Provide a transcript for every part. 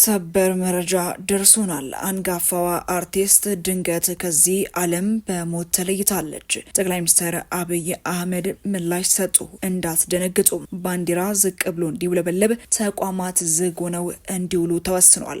ሰበር መረጃ ደርሶናል። አንጋፋዋ አርቲስት ድንገት ከዚህ ዓለም በሞት ተለይታለች። ጠቅላይ ሚኒስትር አብይ አህመድ ምላሽ ሰጡ። እንዳትደነግጡ ባንዲራ ዝቅ ብሎ እንዲውለበለብ ተቋማት ዝግ ሆነው እንዲውሉ ተወስኗል።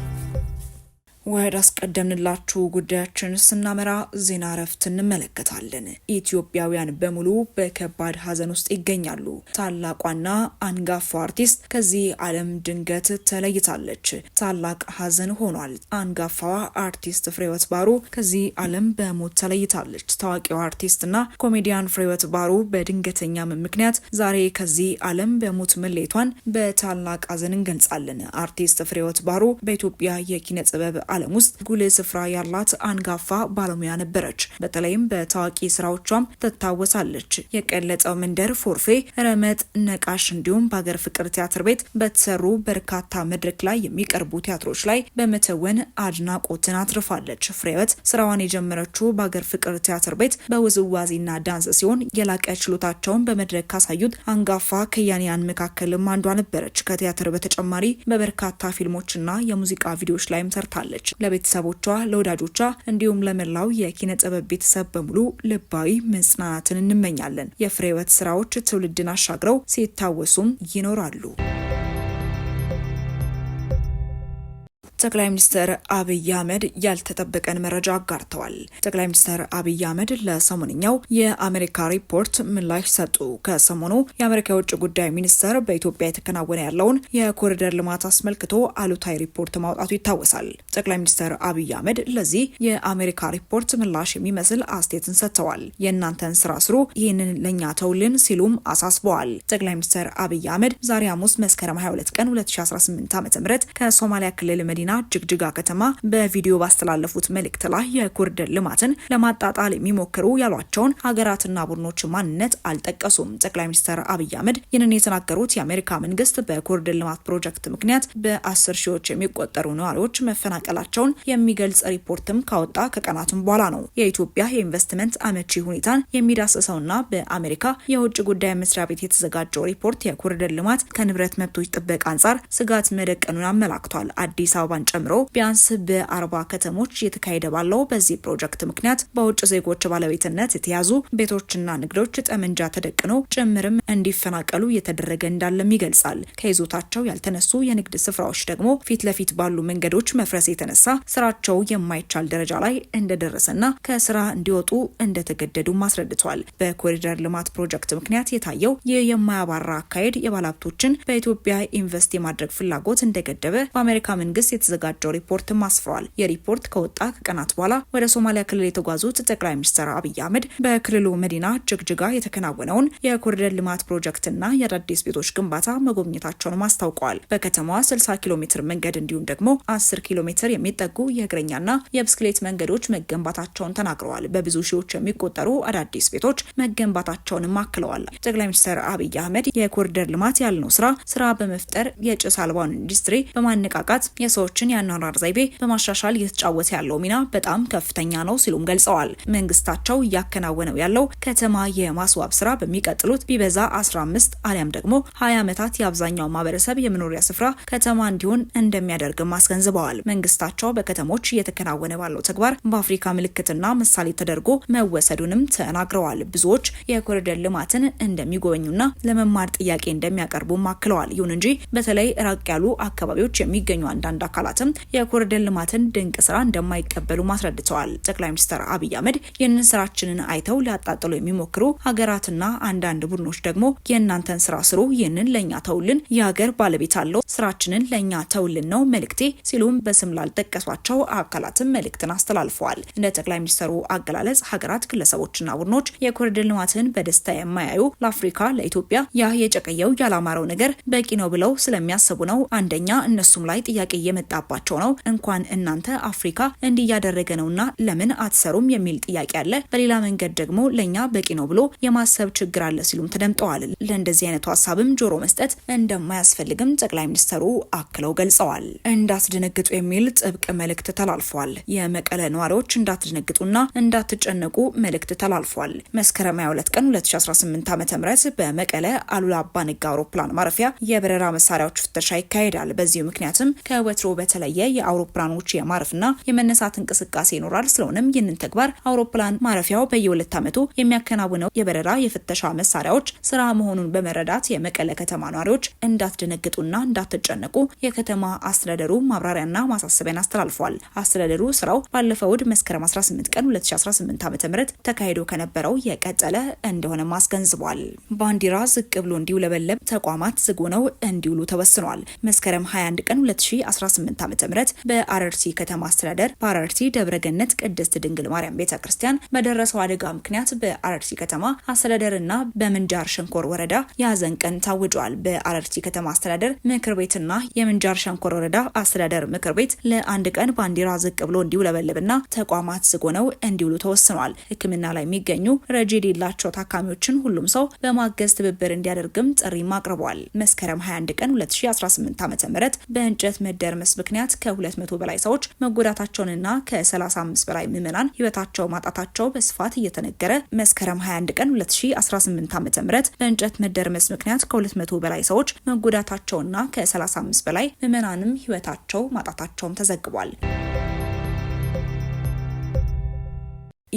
ወደ አስቀደምንላችሁ ጉዳያችን ስናመራ ዜና እረፍት እንመለከታለን። ኢትዮጵያውያን በሙሉ በከባድ ሀዘን ውስጥ ይገኛሉ። ታላቋና አንጋፋ አርቲስት ከዚህ ዓለም ድንገት ተለይታለች። ታላቅ ሀዘን ሆኗል። አንጋፋዋ አርቲስት ፍሬወት ባሩ ከዚህ ዓለም በሞት ተለይታለች። ታዋቂዋ አርቲስትና ኮሜዲያን ፍሬወት ባሩ በድንገተኛ ምክንያት ዛሬ ከዚህ ዓለም በሞት መለየቷን በታላቅ ሀዘን እንገልጻለን። አርቲስት ፍሬወት ባሩ በኢትዮጵያ የኪነ ጥበብ ዓለም ውስጥ ጉልህ ስፍራ ያላት አንጋፋ ባለሙያ ነበረች። በተለይም በታዋቂ ስራዎቿም ትታወሳለች። የቀለጠው መንደር፣ ፎርፌ፣ ረመጥ፣ ነቃሽ እንዲሁም በሀገር ፍቅር ቲያትር ቤት በተሰሩ በርካታ መድረክ ላይ የሚቀርቡ ቲያትሮች ላይ በመተወን አድናቆትን አትርፋለች። ፍሬህይወት ስራዋን የጀመረችው በሀገር ፍቅር ቲያትር ቤት በውዝዋዜና ዳንስ ሲሆን የላቀ ችሎታቸውን በመድረክ ካሳዩት አንጋፋ ከያንያን መካከልም አንዷ ነበረች። ከቲያትር በተጨማሪ በበርካታ ፊልሞችና የሙዚቃ ቪዲዮዎች ላይም ሰርታለች። ትገኛለች። ለቤተሰቦቿ፣ ለወዳጆቿ እንዲሁም ለመላው የኪነ ጥበብ ቤተሰብ በሙሉ ልባዊ መጽናናትን እንመኛለን። የፍሬ ሕይወት ስራዎች ትውልድን አሻግረው ሲታወሱም ይኖራሉ። ጠቅላይ ሚኒስትር አብይ አህመድ ያልተጠበቀን መረጃ አጋርተዋል። ጠቅላይ ሚኒስትር አብይ አህመድ ለሰሞንኛው የአሜሪካ ሪፖርት ምላሽ ሰጡ። ከሰሞኑ የአሜሪካ የውጭ ጉዳይ ሚኒስትር በኢትዮጵያ የተከናወነ ያለውን የኮሪደር ልማት አስመልክቶ አሉታዊ ሪፖርት ማውጣቱ ይታወሳል። ጠቅላይ ሚኒስትር አብይ አህመድ ለዚህ የአሜሪካ ሪፖርት ምላሽ የሚመስል አስተያየትን ሰጥተዋል። የእናንተን ስራ ስሩ፣ ይህንን ለእኛ ተውልን ሲሉም አሳስበዋል። ጠቅላይ ሚኒስትር አብይ አህመድ ዛሬ ሐሙስ መስከረም 22 ቀን 2018 ዓ ም ከሶማሊያ ክልል መዲና ና ጅግጅጋ ከተማ በቪዲዮ ባስተላለፉት መልእክት ላይ የኩርድ ልማትን ለማጣጣል የሚሞክሩ ያሏቸውን ሀገራትና ቡድኖች ማንነት አልጠቀሱም። ጠቅላይ ሚኒስትር አብይ አህመድ ይህንን የተናገሩት የአሜሪካ መንግስት በኩርድ ልማት ፕሮጀክት ምክንያት በአስር ሺዎች የሚቆጠሩ ነዋሪዎች መፈናቀላቸውን የሚገልጽ ሪፖርትም ካወጣ ከቀናትም በኋላ ነው። የኢትዮጵያ የኢንቨስትመንት አመቺ ሁኔታን የሚዳስሰውና በአሜሪካ የውጭ ጉዳይ መስሪያ ቤት የተዘጋጀው ሪፖርት የኩርድ ልማት ከንብረት መብቶች ጥበቃ አንጻር ስጋት መደቀኑን አመላክቷል። አዲስ አበባ አዳማን ጨምሮ ቢያንስ በአርባ ከተሞች እየተካሄደ ባለው በዚህ ፕሮጀክት ምክንያት በውጭ ዜጎች ባለቤትነት የተያዙ ቤቶችና ንግዶች ጠመንጃ ተደቅኖ ጭምርም እንዲፈናቀሉ እየተደረገ እንዳለም ይገልጻል። ከይዞታቸው ያልተነሱ የንግድ ስፍራዎች ደግሞ ፊት ለፊት ባሉ መንገዶች መፍረስ የተነሳ ስራቸው የማይቻል ደረጃ ላይ እንደደረሰና ከስራ እንዲወጡ እንደተገደዱም አስረድቷል። በኮሪደር ልማት ፕሮጀክት ምክንያት የታየው ይህ የማያባራ አካሄድ የባለሀብቶችን በኢትዮጵያ ኢንቨስት የማድረግ ፍላጎት እንደገደበ በአሜሪካ መንግስት የተ የተዘጋጀው ሪፖርትም አስፍሯል። የሪፖርት ከወጣ ከቀናት በኋላ ወደ ሶማሊያ ክልል የተጓዙት ጠቅላይ ሚኒስትር አብይ አህመድ በክልሉ መዲና ጅግጅጋ የተከናወነውን የኮሪደር ልማት ፕሮጀክትና የአዳዲስ ቤቶች ግንባታ መጎብኘታቸውንም አስታውቀዋል። በከተማዋ 60 ኪሎ ሜትር መንገድ እንዲሁም ደግሞ 10 ኪሎ ሜትር የሚጠጉ የእግረኛና የብስክሌት መንገዶች መገንባታቸውን ተናግረዋል። በብዙ ሺዎች የሚቆጠሩ አዳዲስ ቤቶች መገንባታቸውንም አክለዋል። ጠቅላይ ሚኒስትር አብይ አህመድ የኮሪደር ልማት ያልነው ስራ ስራ በመፍጠር የጭስ አልባውን ኢንዱስትሪ በማነቃቃት የሰዎች የዜጎችን የአኗኗር ዘይቤ በማሻሻል እየተጫወተ ያለው ሚና በጣም ከፍተኛ ነው ሲሉም ገልጸዋል። መንግስታቸው እያከናወነው ያለው ከተማ የማስዋብ ስራ በሚቀጥሉት ቢበዛ 15 አሊያም ደግሞ 20 ዓመታት የአብዛኛው ማህበረሰብ የመኖሪያ ስፍራ ከተማ እንዲሆን እንደሚያደርግም አስገንዝበዋል። መንግስታቸው በከተሞች እየተከናወነ ባለው ተግባር በአፍሪካ ምልክትና ምሳሌ ተደርጎ መወሰዱንም ተናግረዋል። ብዙዎች የኮሪደር ልማትን እንደሚጎበኙና ለመማር ጥያቄ እንደሚያቀርቡም አክለዋል። ይሁን እንጂ በተለይ ራቅ ያሉ አካባቢዎች የሚገኙ አንዳንድ አካላት አካላትም የኮሪደር ልማትን ድንቅ ስራ እንደማይቀበሉ አስረድተዋል። ጠቅላይ ሚኒስትር አብይ አህመድ ይህንን ስራችንን አይተው ሊያጣጥሉ የሚሞክሩ ሀገራትና አንዳንድ ቡድኖች ደግሞ የእናንተን ስራ ስሩ፣ ይህንን ለእኛ ተውልን፣ የሀገር ባለቤት አለው፣ ስራችንን ለእኛ ተውልን ነው መልእክቴ ሲሉም በስም ላልጠቀሷቸው አካላትም መልእክትን አስተላልፈዋል። እንደ ጠቅላይ ሚኒስትሩ አገላለጽ ሀገራት፣ ግለሰቦችና ቡድኖች የኮሪደር ልማትን በደስታ የማያዩ ለአፍሪካ፣ ለኢትዮጵያ ያ የጨቀየው ያላማረው ነገር በቂ ነው ብለው ስለሚያስቡ ነው። አንደኛ እነሱም ላይ ጥያቄ የመጣ እየመጣባቸው ነው። እንኳን እናንተ አፍሪካ እንዲህ እያደረገ ነውና ለምን አትሰሩም የሚል ጥያቄ አለ። በሌላ መንገድ ደግሞ ለእኛ በቂ ነው ብሎ የማሰብ ችግር አለ ሲሉም ተደምጠዋል። ለእንደዚህ አይነቱ ሀሳብም ጆሮ መስጠት እንደማያስፈልግም ጠቅላይ ሚኒስተሩ አክለው ገልጸዋል። እንዳትደነግጡ የሚል ጥብቅ መልእክት ተላልፏል። የመቀለ ነዋሪዎች እንዳትደነግጡና እንዳትጨነቁ መልእክት ተላልፏል። መስከረም 22 ቀን 2018 ዓ ም በመቀለ አሉላ አባ ነጋ አውሮፕላን ማረፊያ የበረራ መሳሪያዎች ፍተሻ ይካሄዳል። በዚሁ ምክንያትም ከወትሮ በተለየ የአውሮፕላኖች የማረፍና የመነሳት እንቅስቃሴ ይኖራል። ስለሆነም ይህንን ተግባር አውሮፕላን ማረፊያው በየሁለት ዓመቱ የሚያከናውነው የበረራ የፍተሻ መሳሪያዎች ስራ መሆኑን በመረዳት የመቀለ ከተማ ነዋሪዎች እንዳትደነግጡና እንዳትጨነቁ የከተማ አስተዳደሩ ማብራሪያና ማሳሰቢያን አስተላልፏል። አስተዳደሩ ስራው ባለፈው እሁድ መስከረም 18 ቀን 2018 ዓ ም ተካሂዶ ከነበረው የቀጠለ እንደሆነ አስገንዝቧል። ባንዲራ ዝቅ ብሎ እንዲውለበለብ ተቋማት ዝግ ሆነው እንዲውሉ ተወስኗል። መስከረም 21 ቀን 2018 2018 ዓ.ም በአረርቲ ከተማ አስተዳደር በአረርቲ ደብረገነት ቅድስት ድንግል ማርያም ቤተ ክርስቲያን በደረሰው አደጋ ምክንያት በአረርቲ ከተማ አስተዳደርና በምንጃር ሸንኮር ወረዳ የሀዘን ቀን ታውጇል። በአረርቲ ከተማ አስተዳደር ምክር ቤትና የምንጃር ሸንኮር ወረዳ አስተዳደር ምክር ቤት ለአንድ ቀን ባንዲራ ዝቅ ብሎ እንዲውለበልብና ተቋማት ዝግ ሆነው እንዲውሉ ተወስኗል። ሕክምና ላይ የሚገኙ ረጅ የሌላቸው ታካሚዎችን ሁሉም ሰው በማገዝ ትብብር እንዲያደርግም ጥሪም አቅርቧል። መስከረም 21 ቀን 2018 ም በእንጨት መደርመስ ምክንያት ከ200 በላይ ሰዎች መጎዳታቸውንና ከ35 በላይ ምዕመናን ህይወታቸው ማጣታቸው በስፋት እየተነገረ መስከረም 21 ቀን 2018 ዓ ም በእንጨት መደርመስ ምክንያት ከ200 በላይ ሰዎች መጎዳታቸውና ከ35 በላይ ምዕመናንም ህይወታቸው ማጣታቸውም ተዘግቧል።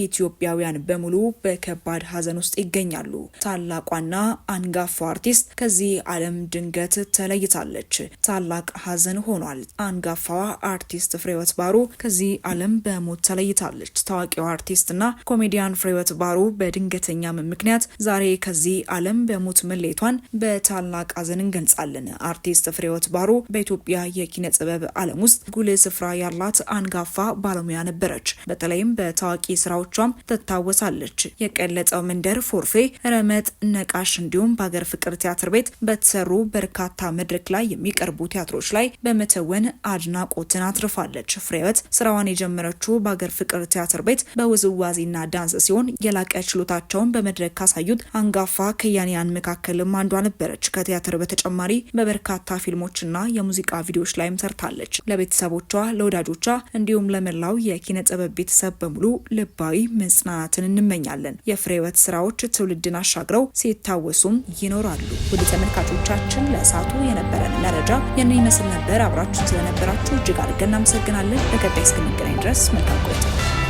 ኢትዮጵያውያን በሙሉ በከባድ ሐዘን ውስጥ ይገኛሉ። ታላቋና አንጋፋ አርቲስት ከዚህ ዓለም ድንገት ተለይታለች። ታላቅ ሐዘን ሆኗል። አንጋፋዋ አርቲስት ፍሬወት ባሩ ከዚህ ዓለም በሞት ተለይታለች። ታዋቂዋ አርቲስትና ኮሜዲያን ፍሬወት ባሩ በድንገተኛም ምክንያት ዛሬ ከዚህ ዓለም በሞት መለየቷን በታላቅ ሐዘን እንገልጻለን። አርቲስት ፍሬወት ባሩ በኢትዮጵያ የኪነ ጥበብ ዓለም ውስጥ ጉልህ ስፍራ ያላት አንጋፋ ባለሙያ ነበረች። በተለይም በታዋቂ ስራው ስራዎቿም ትታወሳለች። የቀለጠው መንደር፣ ፎርፌ፣ ረመጥ፣ ነቃሽ እንዲሁም በሀገር ፍቅር ቲያትር ቤት በተሰሩ በርካታ መድረክ ላይ የሚቀርቡ ቲያትሮች ላይ በመተወን አድናቆትን አትርፋለች። ፍሬህይወት ስራዋን የጀመረችው በሀገር ፍቅር ቲያትር ቤት በውዝዋዜና ዳንስ ሲሆን የላቀ ችሎታቸውን በመድረክ ካሳዩት አንጋፋ ከያንያን መካከልም አንዷ ነበረች። ከቲያትር በተጨማሪ በበርካታ ፊልሞችና የሙዚቃ ቪዲዮዎች ላይም ሰርታለች። ለቤተሰቦቿ፣ ለወዳጆቿ እንዲሁም ለመላው የኪነ ጥበብ ቤተሰብ በሙሉ ልባዊ ዘላለማዊ መጽናናትን እንመኛለን። የፍሬ ህይወት ስራዎች ትውልድን አሻግረው ሲታወሱም ይኖራሉ። ወደ ተመልካቾቻችን ለእሳቱ የነበረን መረጃ ይህንን ይመስል ነበር። አብራችሁ ስለነበራችሁ እጅግ አድርገን እናመሰግናለን። በቀጣይ እስክንገናኝ ድረስ መልካም ቆይታ